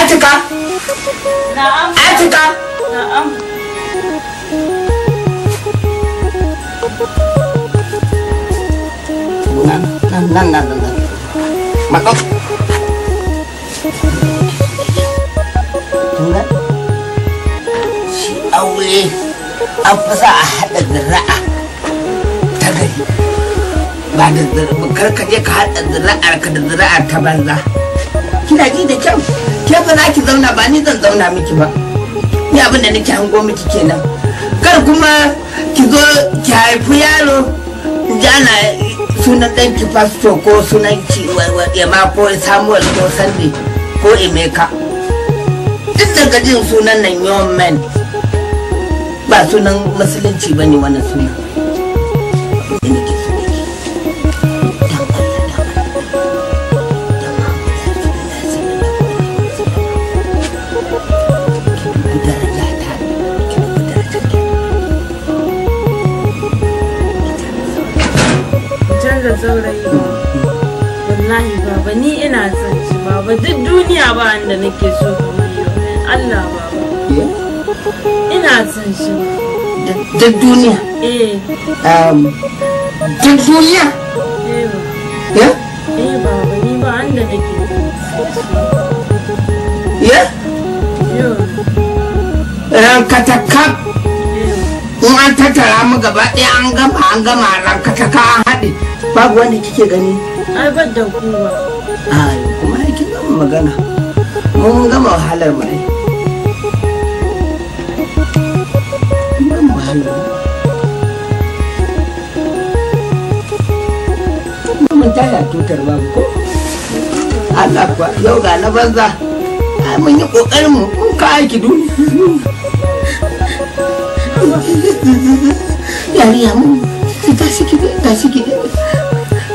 Atika! Na'am. Atika! Na'am. Nan, nan, nan, nan, aure an fi sa a ta ba da zira, karka je ka haɗa zuri'ar ka da zuri'ar ta banza kina ji da kyau ke fa za ki zauna ba ni zan zauna miki ba ni abin da nake hango miki kenan kar kuma ki zo ki haifi yaro jana sunan ɗanki fasto ko sunan ki yama ko samuel ko sandi ko emeka duk daga jin sunan nan yawan ba sunan musulunci ba ne wani sunan Allah saurayi wallahi ba ba ni ina son shi ba ba duk duniya ba inda nake so Allah baba ina son shi duk duniya eh um, duk duniya eh, ya eh baba ni ba inda nake ya rankatakka eh. in an tattara mu gaba ɗaya an gama an gama ka an haɗe babu wanda kike gani ai ban kuma ai kuma kin gama magana mun gama wahalar mu ai gama wahalar mu tutar babu ko Allah kuwa yau ga na banza ai mun yi kokarin mu mun ka aiki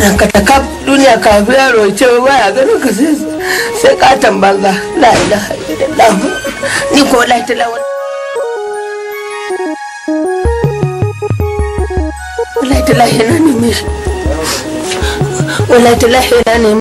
ranka ta kaf duniya ka biya roce baya ganin ka sai katon banza la ilaha illallah ni ko la talawa wallahi talahi na wallahi talahi na